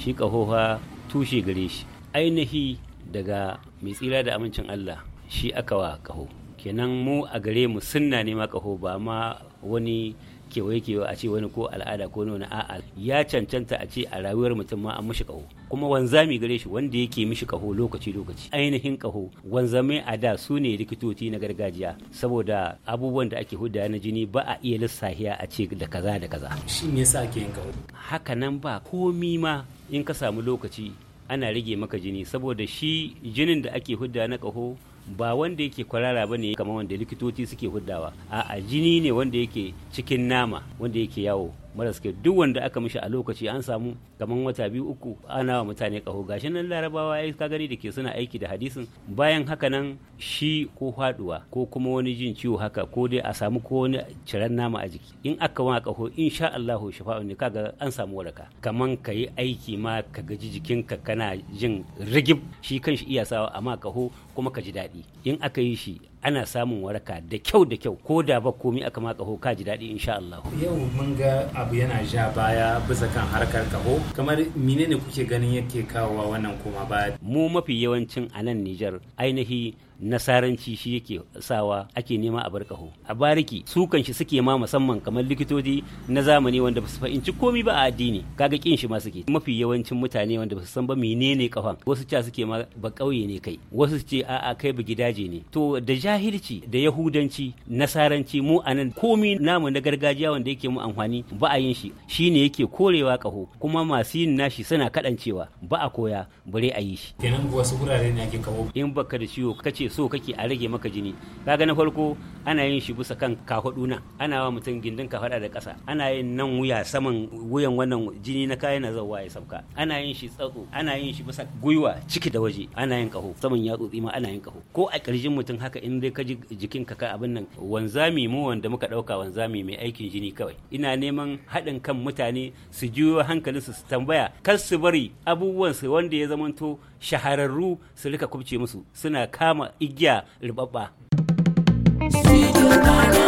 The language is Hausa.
shi ƙahoha tushe gare shi ainihi daga mai tsira da amincin Allah shi aka wa ƙaho kenan mu a gare mu sunna ne ma ƙaho ba ma wani kewaye-kewaye a ce wani ko al'ada ko wani a'a ya cancanta a ce a rayuwar mutum ma an mishi kaho kuma wanzami gare shi wanda yake mishi kaho lokaci-lokaci ainihin kaho wanzamai a da su ne likitoci na gargajiya saboda abubuwan da ake hudda na jini ba a iya lissahiya a ce da kaza da kaza shi ne sa ke yin kaho haka nan ba komi ma in ka samu lokaci ana rage maka jini saboda shi jinin da ake hudda na kaho ba wanda yake kwarara ba ne kamar wanda likitoci suke huddawa a'a jini ne wanda yake cikin nama wanda yake yawo suke duk wanda aka mishi a lokaci an samu kaman wata biyu uku ana wa mutane kaho gashi nan larabawa ya ka gani da ke suna aiki da hadisin bayan haka nan shi ko faduwa ko kuma wani jin ciwo haka ko dai a samu ko wani ciran nama a jiki in aka wa kaho insha Allahu shifa'u ne kaga an samu waraka kaman ka aiki ma ka gaji jikinka kana jin rigib shi kanshi iya sawa amma kaho kuma ka ji daɗi in aka yi shi ana samun waraka da kyau da kyau ko da ba komi aka ma kaho ka ji daɗi insha Allah. Yau mun ga abu yana ja baya bisa kan harkar kaho kamar menene kuke ganin yake kawowa wannan koma baya. Mu mafi yawancin a nan Nijar ainihi nasaranci shi yake sawa ake nema a bar kaho a bariki su shi suke ma musamman kamar likitoci na zamani wanda basu su fahimci komi ba a addini kaga kin shi ma suke mafi yawancin mutane wanda ba su san ba menene kafan wasu ca suke ma ba kauye ne kai wasu ce a'a kai ba gidaje ne to da jahilci da yahudanci nasaranci mu anan komi namu na gargajiya wanda yake mu amfani ba a yin shi shine yake korewa kaho kuma masu yin nashi suna kadancewa ba a koya bare a yi shi kenan wasu wurare ne ake kawo in baka da ciwo kace so kake a rage maka jini kaga na farko ana yin shi bisa kan kafaduna ana wa mutum gindin kafada da kasa ana yin nan wuya saman wuyan wannan jini na kayan zan waye ya ana yin shi tsatso ana yin shi bisa gwiwa ciki da waje ana yin kaho saman tsotsi ma ana yin kaho ko a ƙirjin mutum haka in dai ka ji jikin ka abin nan wanzami mu wanda muka ɗauka wanzami mai aikin jini kawai ina neman haɗin kan mutane su juyo hankalin su tambaya kar su bari abubuwan su wanda ya zamanto shahararru su rika kubce musu suna kama Igya Lubaba. Studio